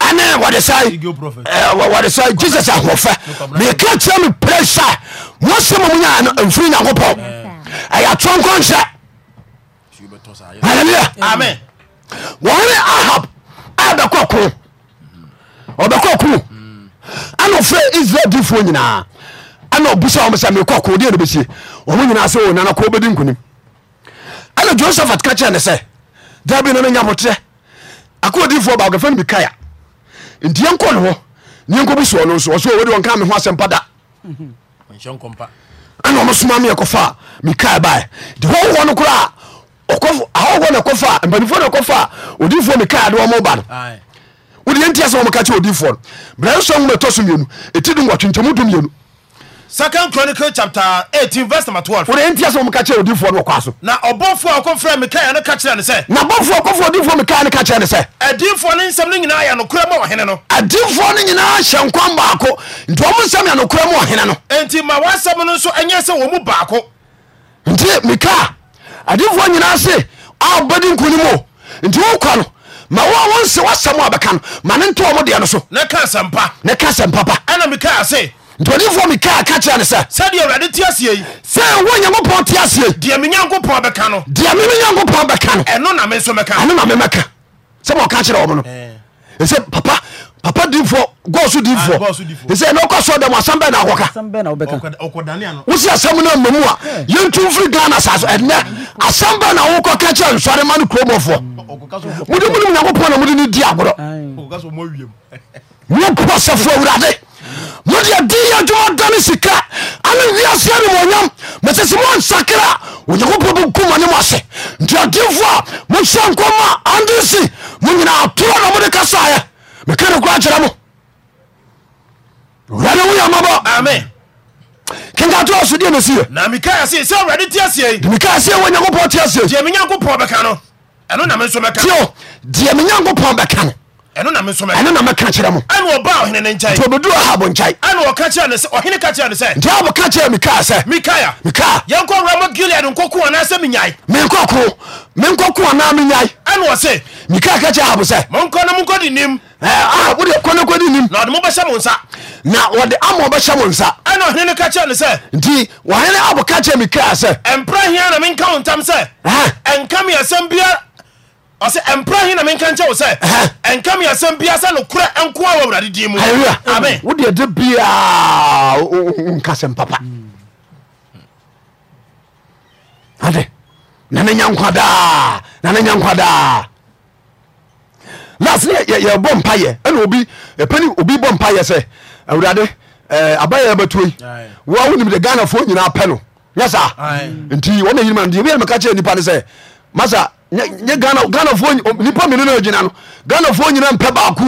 ane wɔde sae wɔde sae jesus ahoɔfɛ meka kyerɛ me pere sɛ moasɛm mu nya no amfiri nyankopɔn ɛyɛ atoɔ nkɔnhyɛ halleluya wɔne ahab a bɛkɔ ko ɔbɛkɔ ko ana mm. ɔfrɛ israel difoɔ nyinaa ɛna ɔbusa wɔn sɛ mekɔ kɔ odiɛ no besie wɔn nyinaa sɛ wɔn oh, nana kɔ ɔbɛdi nkunim ɛna josephat ka ne sɛ dabi na menya motrɛ akoodifoɔ baagɔfɛ no bi kaya nti yɛnkɔ ne hɔ ne yɛnkɔ bi soɔ no nso ɔsɛ ɔwɔde wɔn ka me ho asɛm pa da ɛna ɔmo soma me yɛkɔfa a mekae baɛ de wɔwɔ no koraa ahɔhɔ na ɛkɔfa a mpanifoɔ na ɛkɔfa a odifoɔ mekae de ɔmo ba no wode yɛntia sɛ wɔmka kyɛ odifoɔ no brɛ nsɔ nwoma ɛtɔ so mmienu ɛti de nwɔtwentɛmu du mmienu second chronicle chapter eighteen verse number twelve. o de n tiẹ sọ mo ka kyerɛ odiifoɔ no ɔkɔ aso. na ɔbɔfoɔ ɔkɔfra mikaia no ka kyerɛ ne sɛ. na bɔfoɔ ɔkɔfra odiifoɔ mikaia no ka kyerɛ ne sɛ. adiifoɔ ne nsɛm no nyinaa yɛ nokora ma ɔhene no. adiifoɔ no nyinaa hyɛ nkwan baako nti wɔn nsɛm yɛ nokora ma ɔhene no. nti ma wɔasɛm no nso ɛnyɛ sɛ wɔn mu baako. nti mika adiifoɔ nyinaa se a ɔbɛdi nkunim o nti wɔkɔ no ma wɔn wɔn nsɛ wɔasɛm a bɛka no ma ne ntɔ wɔn deɛ no so. ne ka asɛmpa. ne ka asɛmpa pa. ɛna mika ase mpanifoɔ mekaa ka kyerɛ ne sɛ sɛdeɛ awurade te aseɛ yi sɛ wo nyankopɔn te aseɛ deɛ me nyankopɔn bɛka no deɛ me me nyankopɔn bɛka no ɛno na me nso mɛka ɛno na memɛka sɛ ma ɔka kyerɛ wɔ m no eh. ɛsɛ papa papa dinfoɔ gɔɔso dinfoɔ ah, ɛsɛ "No, ɔkɔ sɔ dɛm asɛm bɛɛ na akɔka wosi asɛm no amamu a eh. yɛntu mfiri ghana saa so ɛnɛ asɛm bɛɛ na wokɔ ka kyerɛ nsɔre ma no kuromɔfoɔ mode munom nyankopɔn na mode ne di agorɔ mpusefu wurade modi diy jumo dane sika ane yia sie me muyam mesesimoansakira nyanku po mo kumanemose indidifua mo sonkoma andsin mo yenaatro namodeka soye mekene kurajera moraewymbonats dnsiyeksyakupsad meyakupoeka ɛno na mɛka kyerɛ mo nti obɛduru ahab nkyɛe nti ahab ka kyerɛ mikaia sɛ mikaia menkɔko menkɔko anaa menyae mikaia ka kyerɛ ahab sɛ wode kɔne kɔdi nim na wɔde ama ɔbɛhyɛ mo nsa ɛna ɔhene no ka kyerɛ no sɛ nti ɔhene abo ka kyerɛ mikaia sɛ ɛmpra hia na menka wo ntam sɛ ɛnka me asɛm biara ɔsɛ ɛmpra he na menka nkyɛ wo sɛ ɛnka mi asɛm bia sɛ nokorɛ nko a wɔ awurade din mu amen wodeɛ da biaa nka sɛm papa ade na ne nya nkwa daa na ne nya nkwa daa las ne yɛbɔ mpayɛ ɛna obi ɛpɛni obi bɔ mpayɛ sɛ awurade eh, abayɛ bɛtuo yi wa wonim de ghanafoɔ nyinaa pɛ no nyɛ saa nti wɔne yinimandeɛ wiyɛne mɛka kyerɛ nnipa ne sɛ masa nipa mene no agyina no ghanafoɔ nyina mpɛ baako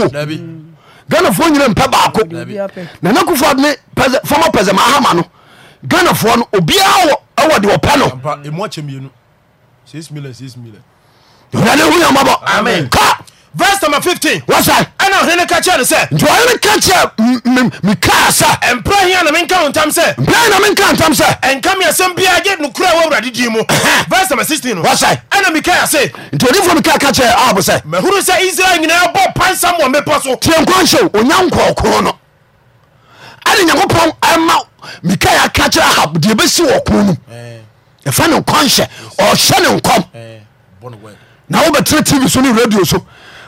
ghanafoɔ nyina mpɛ baako nana kufo ne fama pɛsɛma ahama no ghanafoɔ no obiara ɛwɔ de ɔpɛ no ɔwurade hu yamabɔ ka verse number fifteen. wasa. ɛna ɔhene ka kyerɛ no sɛ. nti ɔhene ka kyerɛ mi kaa sa. mpura hin na mi nka ho ntam sɛ. mpura hin na mi nka ntam sɛ. ɛnka mi asɛm biara gye nukura wɔ awurade di mu. verse number sixteen. wasa. ɛna mi kaa se. nti onifoɔ mi kaa ka kyerɛ aabo sɛ. mɛhuru sɛ israel nyinaa bɔ pansam wɔ mmepɔ so. tiɛ nkwanhyɛ o onya nkɔɔkoro no ɛne nyankopɔn ɛma mikaia ka kyerɛ ahab deɛ bɛsi wɔ ko no ɛfa ne nkwanhyɛ ɔhyɛ ne nkɔm na wobɛtena tv so ne radio so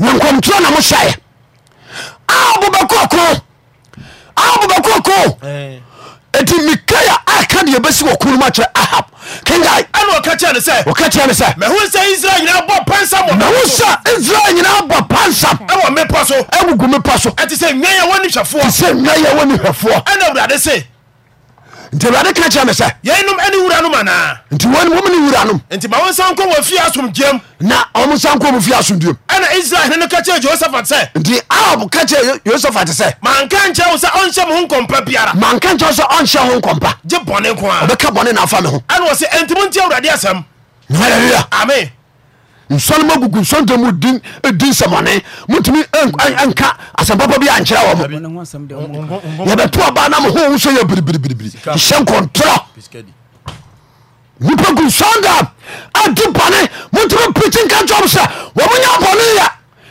nenkomturo na mohyɛe abobɛkoko abobɛkoko ɛti eh. mikaia aka deɛ bɛsi wɔ kunom akyerɛ ahab kenga ɛna ɔka kyerɛ ne sɛ ɔka kyerɛ ne sɛ mahu sɛ israel nyinaa bɔ pansam mahu sɛ israel nyinaa bɔ pansam ɛwɔ mepa so ɛgugu mepa so ɛte sɛ nwɛn a wɔne hwɛfoɔ te sɛ nwɛn a wɔne ɛna awurade se nti awurade ka kyerɛ me sɛ yɛinom ne wura nom anaa nti wɔn wɔm ne wura nom nti ma wɔnsan nkɔ wɔ fie asomdwam na ɔmo san kɔ mu fie asomdwam ɛna israel hene no ka kyerɛ josaphat sɛ nti ahab ka kyerɛ josaphat sɛ manka nkyerɛ wo sɛ ɔnhyɛ me ho nkɔmpa biara manka nkyerɛ wo sɛ ɔnhyɛ ho nkɔmpa gye bɔne ko a ɔbɛka bɔne na afa me ho ɛna wɔ sɛ ɛntimi nti awurade asɛm halleluya amen nsonem ugu sonmdin se mone mutumi ka asampapa ankeramybtuby brshenkontro mpu sond ad pane mtumi piika cmseomyapny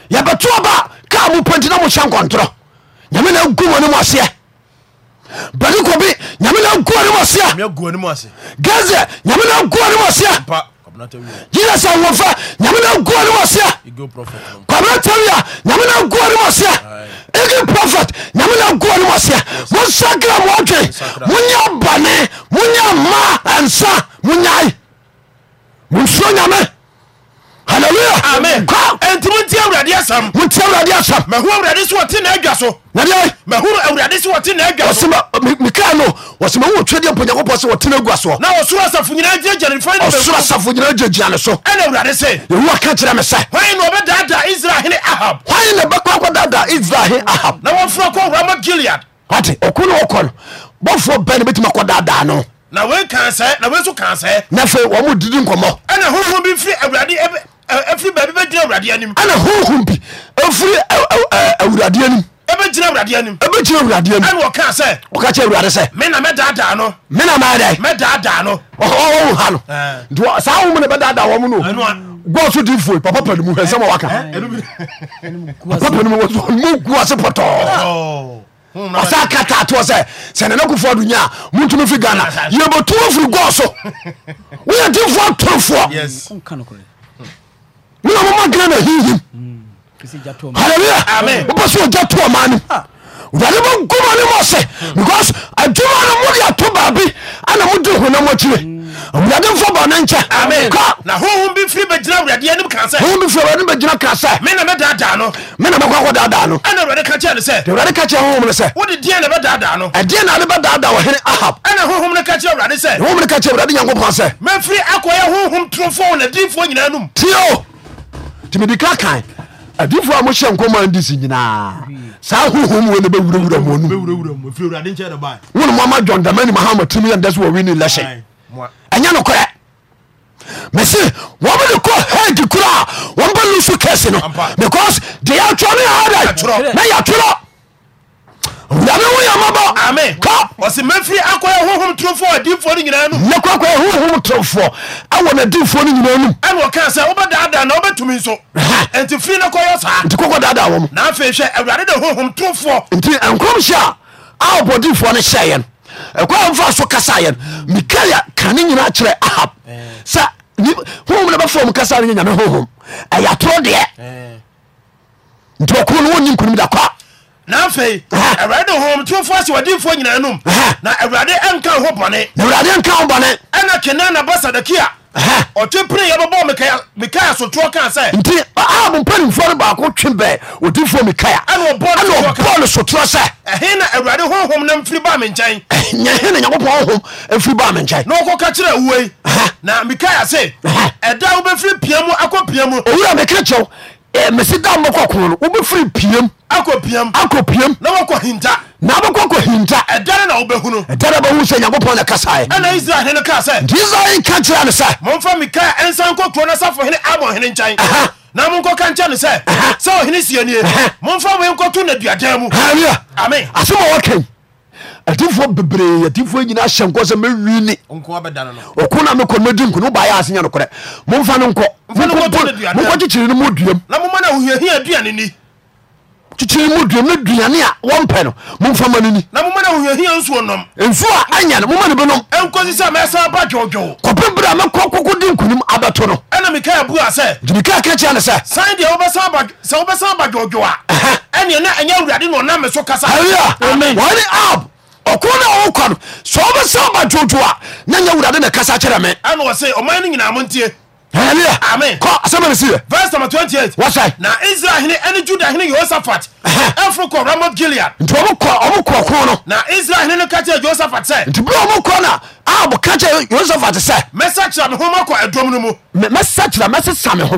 yebtuo ba kam ptnsankontro amn gmanmsbas gyina sɛ wɔfa nyame no guo ne wɔseɛ kwabratawi a nyame no guo ne wɔseɛ igi prophet nyame no guo ne wɔseɛ monsakra mo adwe monyɛ bɔne monyɛ ma ansa monyae monsuo nyame Hallelujah. amen kọ ẹnti mo ti awurade asam mo ti awurade asam mẹhu awurade sọ ọtí náà ẹdwa so nàdíyà mẹhu awurade sọ ọtí náà ẹdwa so wọsi mika no wọsi mẹhu otwe di mpọnyakọ pọ sẹ ọtí náà ẹgwa so. na ọsoro asafo nyinaa gyinagyina ne fún ẹni bẹẹ ọsoro asafo nyinaa gyinagyina ne so. ẹna awurade sẹ. ewu aka kyerẹ mi sẹ. hwan na ọbẹ daadaa israel hin ahab. hwan na ẹbẹ kọ akọ daadaa israel hin ahab. na wọn fura kọ ọhúnrama gilead. wati okun na ọkọ no bọfọ bẹẹ ni bẹẹ ti ma kọ daadaa no na wei kan sɛ na wei nso kan sɛ na afei wɔ mo didi nkɔmmɔ ɛna honhom bi firi awurade ɛfiri baabi bɛgyina awurade anim ɛna honhom bi ɛfiri awurade anim ɛbɛgyina awurade anim ɛbɛgyina awurade anim ɛna ɔka sɛ ɔka kyɛ awurade sɛ me na mɛdaadaa no me na mɛdae mɛdaadaa no ɔwɔ ha no nti saa wo mu ne bɛdaadaa wɔ mu no gbọ́n so di nfoni papa pẹ̀lú mu hẹ́n sẹ́wọ̀n wákà papa pẹ̀lú mu wọ́n mu gu ase pọ̀tọ́ ọ̀sá kata àti ọ̀sẹ̀ sẹ̀nẹ̀ náà kò fọ́ ọdún yẹn a mu tún fi Ghana yẹ bọ̀ tó o firi gọ́ọ̀ so wọ́n yẹ ti fọ́ tó o fọ́. Ah. Hmm. mena moma gana e na hihim halleluya wopɛ sɛ ogya to ɔma no wurade mo goma ne mɔ se because adwuma no mode ato baabi ana mode honam akyire wurade mfa ba ne nkyɛ na honhom bi firi bɛgyina wurade anim ka sɛ honhom bi firi wurade bɛgyina ka sɛ me na mɛdaadaa no me na mɛkɔ akɔdaadaa no ɛna wurade ka kyerɛ no sɛ wurade ka kyerɛ honhom no sɛ wode deɛ na bɛdaadaa no ɛdeɛ na ne bɛdaadaa ɔhene ahab ɛna honhom no ka kyerɛ wurade sɛ honhom no ka kyerɛ wurade nyankopɔn sɛ mɛfiri akɔyɛ honhom toromfoɔ wɔ nadiifoɔ nyinaa nom tio timidika kan adifoɔ a mohyɛ nkɔma ndi si nyinaa saa hohom wei no bɛwurawura mɔnu wone moama dwon dama nim ha matumi yɛndɛ so wɔwene lɛhyɛ ɛnyɛ nokorɛ mese wɔmene kɔ hage kora a wɔmbɛ lo so kɛse no because they deɛ atwɔ ne ada na yɛtwerɔ wurade wo yɛ mɔbɔ ame kɔ ɔsɛ mɛfiri akɔyɛ honhom toromfoɔ adiifoɔ no nyinaa nom yɛkɔakɔyɛ honhom toromfoɔ awɔ n'adiifoɔ no nyinaa nom ɛne ɔkaa sɛ wobɛdaadaa na wobɛtumi nso ɛnti firi no kɔyɛ saa nti kɔkɔ daadaa wɔ m na afei hwɛ awurade da honhom toromfoɔ nti nkromhyɛ a awɔbɔ diifoɔ no hyɛeɛ no ɛkɔ a mfa so kasaeɛ no mikaia ka ne nyinaa kyerɛ ahab sɛ honhom no bɛfa mu kasa no nyɛ nyame honhom ɛyɛ atorɔ deɛ nti ɔko no wɔnni nkonim da kɔa na afei awurade homtomfoɔ sɛ wadimfoɔ nyinaa nom na awurade ɛnka ho bɔne awurade nka ho bɔne ɛna kena na ba sadakia ɔtwe pere yɛbɛbɔ mikaia sotoɔ kaa sɛ nti ab mpanimfoɔ no baako twe bɛ odifoɔ mikaia ɛna ɔbɔɔ no sotoɔ sɛ ɛhe na awurade honhom na mfiri ba me nkyɛn nyɛ he na nyankopɔn honhom mfiri ba me nkyɛn ko ɔkɔka kyerɛ uwe. na mikaia se ɛda wobɛfiri pia mu akɔ pia mu owura meka kyɛw mesi da mmɔkɔ ko no wobɛfiri pia mu akɔ piam akɔ piam na wɔkɔ hinta na wɔkɔ kɔ hinta ɛdare na wobɛhunu ɛdare bɛhu sɛ nyankopɔn na kasaɛ ɛna israel hene kaa sɛ nti israel ka kyerɛ no sɛ momfa mikael ɛnsan nkɔ kuro no safo hene amɔ hene nkyɛn na monkɔ ka nkyɛ no sɛ sɛ ɔhene sianie momfa mo nkɔto na duadan mu amen asɛm a wɔkan adifoɔ bebree adifoɔ nyina hyɛ nkɔ sɛ mɛwini ɔko na mekɔ mɛdi nko ne wobayɛ ase nya nokorɛ momfa no nkɔ monkɔ kyekyere no mu duam na momana hohiahia aduane ni kyikyiri mu dua mu duane a wɔmpɛ no momfa ma no ni na moma no ahohiahia nsuo nom mfuo a anya no moma no bɛnom ɛnkɔsi sɛ mɛsa ba dwɔdwɔw kɔpɛ berɛ a mɛkɔ koko de nkonim abɛto no ɛna mikael bua sɛ ase. mikael ka kyerɛ no sɛ sane deɛ sɛ wobɛsan ba dwɔdwɔw a ɛneɛ na ɛnyɛ awurade na ɔnam me so kasa ane ab ɔko na ɔwo kwa no sɛ wobɛsan ba dwɔdwɔw a na nyɛ awurade na kasa kyerɛ me ɛna ɔse ɔman no nyinaa hallelujah amen kɔ asɛmɛ ni si yɛ. verse number twenty eight. wasa yi. na israel hinɛ ɛni juda hinɛ yehosaphat. ɛfuru kɔ ramot gilead. nti ɔmu kɔ ɔmu kɔ kɔn no. na israel hinɛ ni kakyɛ yehosaphat sɛ. nti bi ɔmu kɔ na aabu kakyɛ yehosaphat sɛ. mɛsɛ kyerɛ mi ho ma kɔ ɛdɔm no mu. mɛsɛ kyerɛ mɛsɛ sa mi ho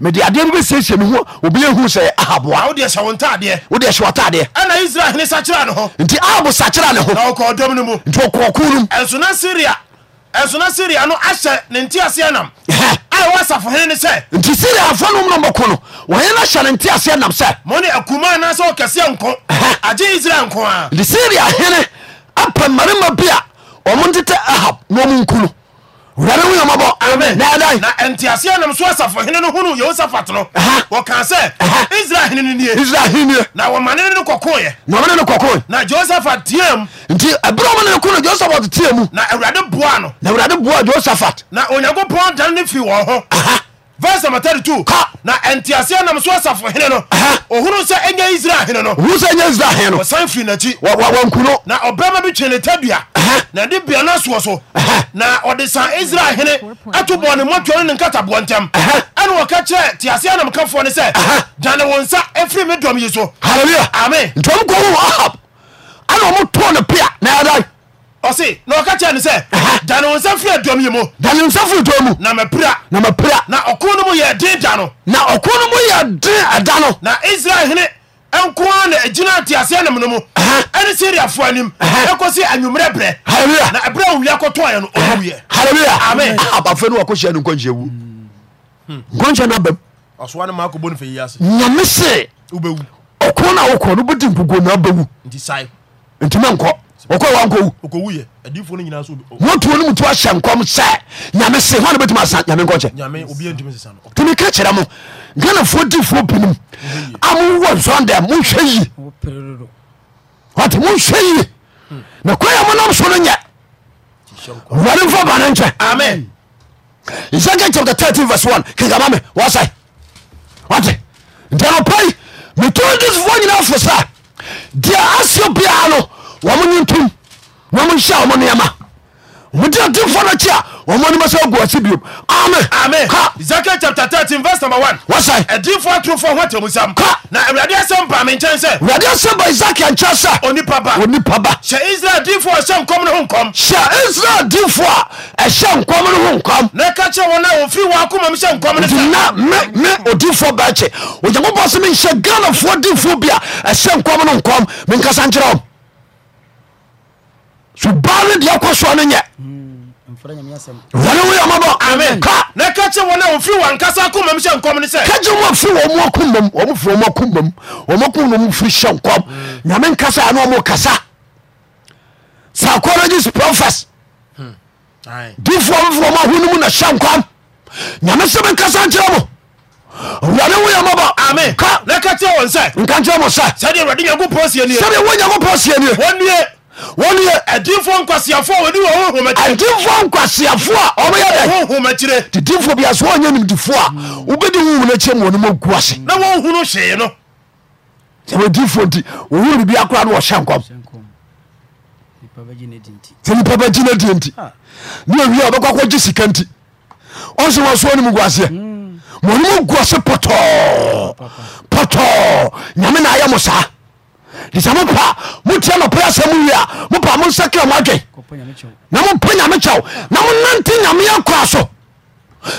mede adeɛ bi bɛsiesie me ho obi yɛhu sɛ ahaboa wode hyɛ wo ntadeɛ wode hyɛ wo tadeɛ ɛna israel hene sakyera ne ho nti ahabo sakyera ne ho na ɔkɔ ɔdɔm no mu nti ɔkɔɔko no mu ɛnso na syria ɛnso na syria no ahyɛ ne nteaseɛ nam ɛwɔsafo hene ne sɛ nti siriafoɔ no mno mɔko no wɔhe no hyɛ no nte aseɛ nam sɛ mone akuma anasɛ ɔkɛseɛ nko agye israel nko a nti siria hene apɛ mmarima bi a ɔmo ntete ahab na ɔmo nku no wurade wo yɛmɔbɔ nɛdan na nteaseɛ nam so asafohene no hunu yehosafat no wɔka sɛ israel hene no nie israel hene nie na wɔmane no kɔkoeɛ na ɔmane no kɔkoe na jehosafat tiam nti ɛberɛ ɔmane no ko jehosafat tia mu na awurade boa no na awurade boa jehosafat na onyankopɔn dane no firi wɔn ho verse number na ntiaseɛ nam so asafo hene no. ohun sɛ enye israel hene no. ohun sɛ enye israel hene no. wɔsan firi n'akyi. wɔ wɔ na ɔbɛrima bi twene tadua. na de bia na soɔ so. na ɔde san israel hene ato bɔ ne mmɔtwɔ ne ne nkataboɔ ntɛm ɛne wɔka kyerɛ teaseɛ anamkafoɔ ne sɛ dwane wo nsa ɛfiri me dɔm yi so halleluya amen nti ɔmo kɔwo ahab ɛne ɔmo too ne pea na ɛdae ɔse na ɔka kyerɛ ne sɛ dane wo nsa firi adɔm yi mu dane nsa firi dɔm mu na mapira na mapira na ɔko no mu yɛ den da no na ɔko no mu yɛ den ɛda no na israel hene nkoa na agyina nteaseɛ nam no mu ɛne seriafoɔ anim ɛkɔsi anwummerɛ berɛ na ɛberɛ a owia kɔtɔɔyɛ no ɔwuiɛ halleluya amen abafɛ no wakɔhyia no nkɔnhyia wu hmm. nkɔnhyia no abam ɔsoa no maakɔbɔ no fɛ yi ase nyame se wobɛwu ɔko no a wokɔ no na abawu nti sae ntimi nkɔ wnwmtunmutuw asɛ nkom se yame senbetumisnyam tmekra khere mo ganafo difo binem amo wo sonde mos y t mos yi na ka ye mono sono yewarefo bane nkhe amnisakiel hap 13 1 amamsinpa meto jus fo yena fo sa da asio bialo wɔmo nyentom na ɔmo nhyɛ ɔmo nneɛma mudiatifo no kyi a ɔmo anim sɛ ɔgu ase biom amen ka ezekiel chapter thirteen verse number one wɔsɛn ɛdinfo aturofo ɔho atɛmusam ka na awurade asɛm ba me nkyɛn sɛ awurade asɛm ba ezekiel nkyɛn sɛ onipa ba onipa ba hyɛ israel dinfo a ɛhyɛ nkɔm no ho nkɔm hyɛ israel dinfo a ɛhyɛ nkɔm no ho nkɔm na ɛka kyerɛ wɔn a ofiri wɔn akoma mu hyɛ nkɔm no sɛ na me me odinfo bɛɛ kye onyankopɔn sɛ menhyɛ ghanafoɔ dinfo bi a ɛhyɛ nkɔm no nkɔm menkasa nkyerɛ wɔm suba ne deɛ kɔ soɔ no nyɛ wɔne woyamabɔ ka na ka kye wɔn a wɔfiri wɔn ankasa akoma mu hyɛ nkɔm ne sɛ ka kye wɔn afiri wɔn mu akomam wɔn firi wɔn akomam wɔn akomam wɔn firi hyɛ nkɔm hmm. nyame nkasa ano wɔn kasa psychologist prophets hmm. difoɔ fofoɔ mu ahono mu na hyɛ nkɔm nyame sɛ me nkasa nkyerɛ mo wurade wo yɛ mɔbɔ ame ka na ka kyerɛ wɔn sɛ nka nkyerɛ mo sɛ sɛdeɛ wɔ nyankopɔn sie nie wɔne adifoɔ nkwaseafoɔ wɔne wɔ honhomakyire adifoɔ nkwaseafoɔ a ɔmyɛ dɛ honhomakyire didifoɔ bia so wɔnyɛ nimdifoɔ a wobɛdi wohunu akyirɛ mu wɔnom agu ase na wɔnhunu hyee no sɛmadifoɔ nti wɔhunu biribia koraa no wɔhyɛ nkɔm sɛ nipa bɛgye no adie nti ne awie a wɔbɛkɔ akɔgye sika nti ɔnso wɔ so wɔnom gu aseɛ mɔnom gu ase pɔtɔɔ pɔtɔɔ nyame na ayɛ mo saa ntisɛ mopa motia nɔpɛyɛ asɛ mu wie a mopa monsɛkra mo adwen na mopɛ nyame kyɛw na monante nyameyɛ kora so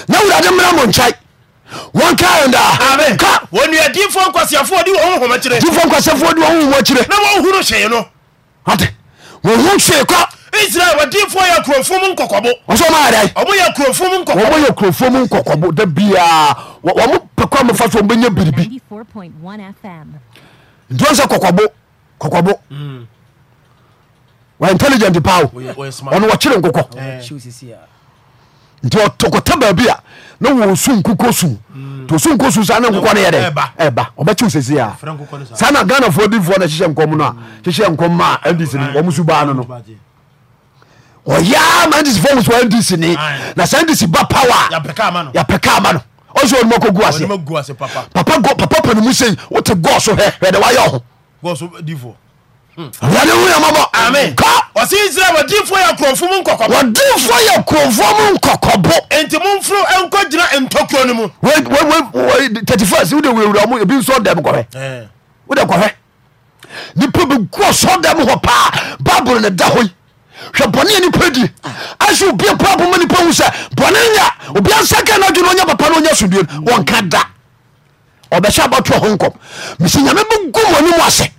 na wurade mmra mo nkyɛe wɔnkaɛdaa wɔnuadinfoɔ nkwaseafoɔ de wɔn homa kyerɛ difo nkwaseafoɔ de wɔn homa kyerɛ na wɔhunu hwee no ate wɔhu hwee kɔ israel wɔdinfoɔ yɛ kurofo mu nkɔkɔbo ɔsɛ ɔma yɛdɛ ɔmo yɛ kurofo mu nkɔkɔbo ɔmo yɛ kurofo mu nkɔkɔbo da biaa wɔmo pɛ kɔ amofa so ɔmbɛnya biribi nti kɔkɔbo kɔkɔbo wa intelligent pao ɔno wɔkyere nkokɔ nti ɔtokota baabi a na wɔsu nkokɔ sum nti osu nkokɔ sum saa ne nkokɔ no yɛ dɛ ɛba ɔbɛkyew sɛsie a saa na ghanafoɔ difoɔ na hyehyɛ nkɔm no a hyehyɛ nkɔm ma ndc no wɔm su baa no no ɔyaa ma ndc fɔ ndc ni na saa ndc ba power yɛpɛka ama no ɔsɛ ɔnum ɔkɔ gu aseɛ gu ase papa gɔ papa pɛnum sɛyi wote gɔɔ so hɛ hɛ de wayɛ ɔho awurade hmm. hu yamabɔ ami ka ɔsi israel wɔdinfo yɛ kurɔfo mu nkɔkɔbɔ wɔdinfo yɛ kurɔfo mu nkɔkɔbɔ nti mu nfuru nkɔ gyina ntɔkuro ni mu. wei wei wei thirty first wúde wewura mu ebi nsọ dɛm kɔhɛ eh. wúde kɔhɛ nipa bi gu ɔsɔ dɛm hɔ paa baabul ne da hɔ yi hwɛ bɔne nipa di ɛsɛ obi praboma nipa hu sɛ bɔne nya obia nsɛka no adwene ɔnya papa no ɔnya asomdue no wɔnka da ɔbɛhyɛ abatoɔ ho nkɔm mesi nyame bɛgu mɔne mu ase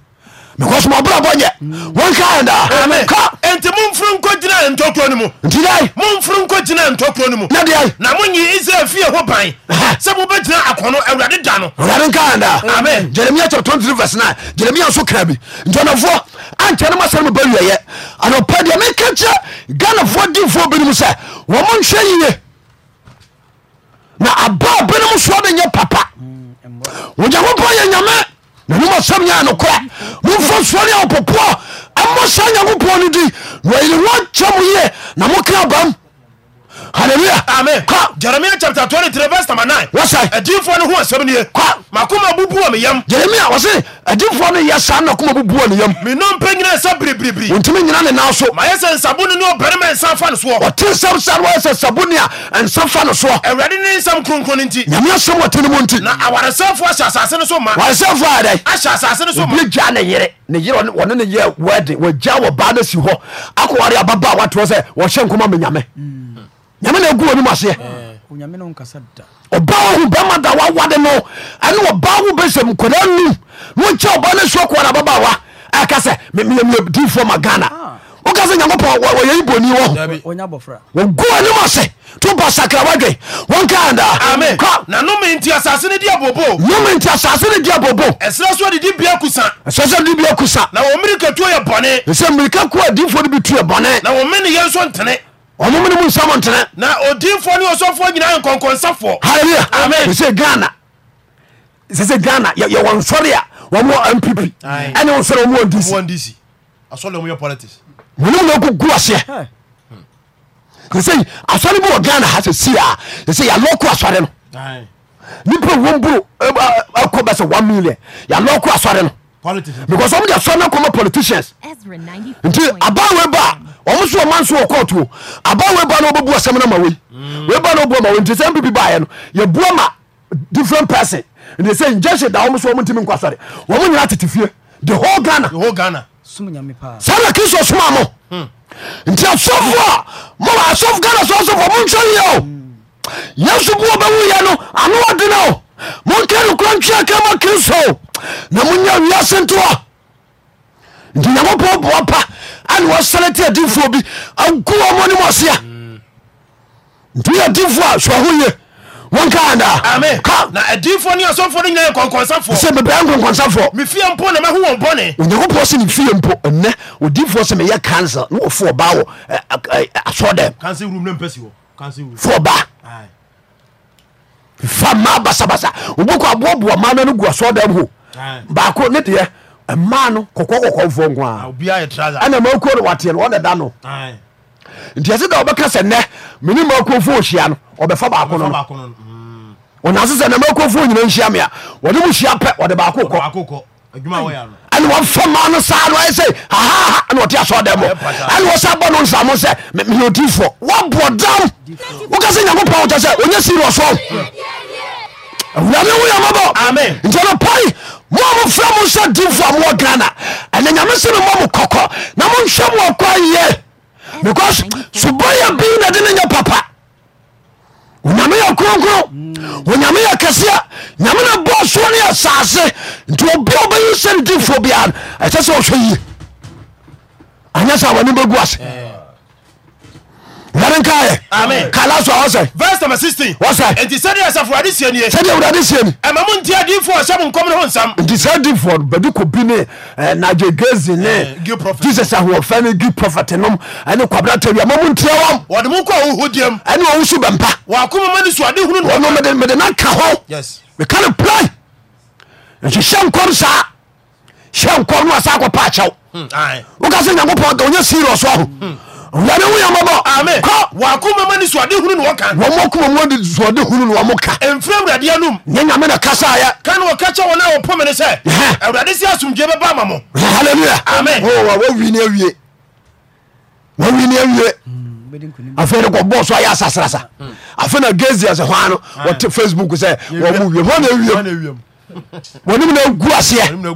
because mo bra bɔnyɛ wɔn ka ɛnda ka. nti mo nfuru nko gyina ntɔkuro ni mu. nti da yi. mo nfuru nko gyina ntɔkuro ni mu. na de ayi. na mo nyi israel fie ho ban. sɛ mo bɛ gyina akɔnɔ awurade da no. amen jeremiah chapter twenty three verse nine jeremiah nso kira bi ntɔnɔfoɔ ankyɛ ne ma sɛ ne ba wie yɛ anɔpa deɛ me ka kyerɛ ghanafoɔ na aba binom soɔ de papa. wɔnyankopɔn mm, yɛ nanomasɛm nyaa nokora mofa sane a wopopoɔ amɔ saa nyankopɔn no di nawayine wɔkyɛ mo yɛ na moka bam hallelujah amen kɔ jeremiah chapter twenty three verse number nine wɔsɛ ɛdinfoɔ no ho asɛm nie kɔ makoma bubu wɔ me yam jeremia wɔse adifoɔ no yɛ saa na koma bubu wɔ ne yam menompɛ nyina nsa biribiribiri wɔntumi nyina ne nan so mayɛ sɛ nsabone ne ɔbarima nsa fa no soɔ wɔte nsɛm sa no wɔyɛ sɛ sabone a ɛnsa fa no soɔ awurade ne nsɛm kronkron no nti nyame asɛm wɔte no mu nti na awaresɛfoɔ ahyɛ asase no so ma waresɛfoɔ a dɛn ahyɛ asase no so ma gya ne yere ne yere ne yɛ wɛde wɔgya wɔ baa no si hɔ akɔware ababa a watoɔ sɛ wɔhyɛ nkoma me nyame na agu wanim aseɛ ɔba ohu bɛma da wawade no ɛne ɔba wo bɛsɛm nkɔda num na ɔkyɛ ɔba no suo koa na baba wa ɛka sɛ meyɛmyɛdifoɔ ma ghana ah. woka sɛ nyankopɔn wɔyɛyi bɔni wɔ wɔgu wanim ase to ba sakra wadwe wɔnkaandaa nome nti asase no di abobo nome nti asase no di abobo ɛserɛ so adedi bia kusa ɛserɛ so adedi bia kusa na wɔmmirika tuo yɛ bɔne ɛsɛ mmirika ko adifoɔ no bi tuo yɛ bɔne na wɔmene yɛ nso ntene ɔmom no mu nsa mo ntene na odinfoɔ ne ɔsɔfoɔ nyinaa nkɔnkɔnsafoɔ halleluya amen sɛ ghana sɛ sɛ ghana yɛwɔ nsɔre a wɔmɔ mpp ɛne nsɔre wɔmɔ ndc wɔnom na ɔkɔgu aseɛ sɛ asɔre bi wɔ ghana ha sɛ si a sɛ yɛalɔko asɔre no nipa wɔmburo akɔ bɛ sɛ one million yɛalɔko asɔre no because ɔmo de asɔ ne nkɔmɔ politicians nti abawe ba ɔmo so ɔmo anso wɔ kɔɔtu o abawe ba na ɔbɛbu asɛm na ma wei wei ba na ɔbu ma wei nti sɛ npp baayɛ no yɛbua ma different person nti sɛ injection da ɔmo so ɔmo ntumi nkɔ asɔre ɔmo nyinaa tete fie the whole Ghana the whole Ghana sáré kí sọ suma mo nti asɔfo a mo ma hmm. asɔfo Ghana sɔ sɔfo mo nsɔ yie o yẹn subu ɔbɛwu yɛ no ano ɔdi na o mo nkiri kura ntwi akɛmɔ kiri so o na monya wiase ntoa nti nyankopɔn boa pa ane wɔsɛre te adimfoɔ bi agu wɔ mɔ ne mu ɔsea nti yɛ adimfoɔ a soaho ye wnkadasɛ bebɛa nkonkonsafoɔ onyankopɔn sɛ ne fie mpo ɛnɛ odifoɔ sɛ meyɛ council ne wɔfo ɔba wɔ asɔ dɛm fo ɔba fa ma basabasa wobɛkɔ aboaboa ma no no gu asɔ dɛm ho baako ne deɛ ɛma no kɔkɔ kɔkɔ mfoɔ nko a ah, ɛna makuo no wateɛ no ɔdeda no nti ɛsɛ da wɔbɛka sɛ nnɛ mene makuofo ɔhyia no ɔbɛfa baako no no mm. ɔnase sɛ namakuofo nyina nhyia me a wɔde mu hyia pɛ wɔde baako kɔ ɛne wɔfa ma no saa no ɛyɛ sɛ hahaha ɛne ɔte asɔ dɛ mɔ ɛne wɔsa bɔ no nsamo sɛ meyɛ odifoɔ woabɔ dam woka sɛ nyankopɔn wokyɛ sɛ ɔnyɛ siri ɔsɔ awurade woyamabɔ nti ɔno pae moamofra mo nsa dimfo a mowɔ ghana ɛne nyame se me mmɔ mo kɔkɔ na monhwɛ mowɔ kwa yɛ because soboyɛ bii na de ne nyɛ papa onyame yɛ kronkron onyame yɛ kɛseɛ nyame na bɔɔ soɔ no yɛ asase nti obi a wobɛyi sɛ ne dimfoɔ biara no ɛsɛ sɛ wɔhwɛ yie anyɛ sɛ awane bɛgu ase dɛrenkayɛ kala so a wɔsɛ verse number sixteen wɔsɛ nti sɛdeɛ asafo ade sie nie sɛdeɛ awurade sie ni ɛma hmm, mo nti adiifoɔ ɔhyɛ mo nkɔm ne ho nsam nti sɛ adiifoɔ bɛde kɔbi ne nagye gazi ne jesus ahoɔfɛ ne gi prɔfɛt nom ɛne kwabrata wi ama mo ntia wɔm wɔde mo kɔ ɔwohodiam ɛne ɔwo so bɛmpa wɔakoma ma ne suade hunu wɔno mede na ka ho meka ne plan nhyehyɛ nkɔm saa hyɛ nkɔm no asa akɔpa akyɛw woka sɛ nyankopɔn ka ɔnyɛ serious ɔho ɔwurade ho yɛmɔbɔ kɔ wakoma ma ne suade hunu ne wɔka wɔmɔ koma mu de suade hunu ne wɔmo ka ɛmfiri awurade anom nyɛ nyame na kasaayɛ ka ne wɔka kyɛ wɔn a wɔpome ne sɛ awurade sɛ asomdwe bɛba ma mo halleluya amen oh, wawi ne awie wawi ne awie afei ne kɔbɔ so sa asasrasa mm. afei na gasia sɛ hɔ ano wɔte facebook sɛ wɔmo wiem hɔ ne awiem wonemn agu aseɛwmbswsomam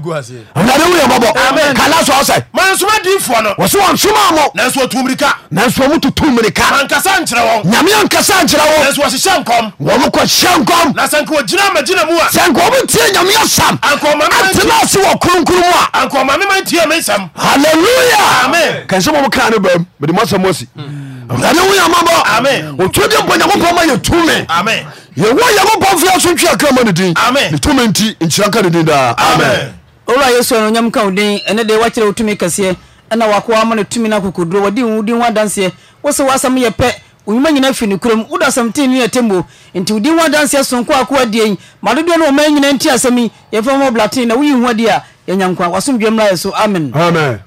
mtotmikayame nkasa nkyerɛmksyɛnkoms omote nyame samnse wo knkro muaala mmkn bammedms bp nyampmyɛm yɛwɔ nyankopɔn fia so ntwe akra ma ne din ne tumi nti nkyira nka ne din daa amen owura yesu ɛno nyam ka wo din ɛne deɛ wakyerɛ wo tumi kɛseɛ ɛna wakoa ma no tumi no akokoduro wɔde wo din ho adanseɛ wo sɛ woasɛm yɛ pɛ onwuma nyina fi ne kurom woda asɛm te ne atemmuo nti wodi ho adanseɛ sonko akoa adie yi madodoɔ no ɔma nyina nti asɛm yi yɛmfa mɔblatee na woyi ho adi a yɛnya nkwa wasomdwammra yɛ so amen amen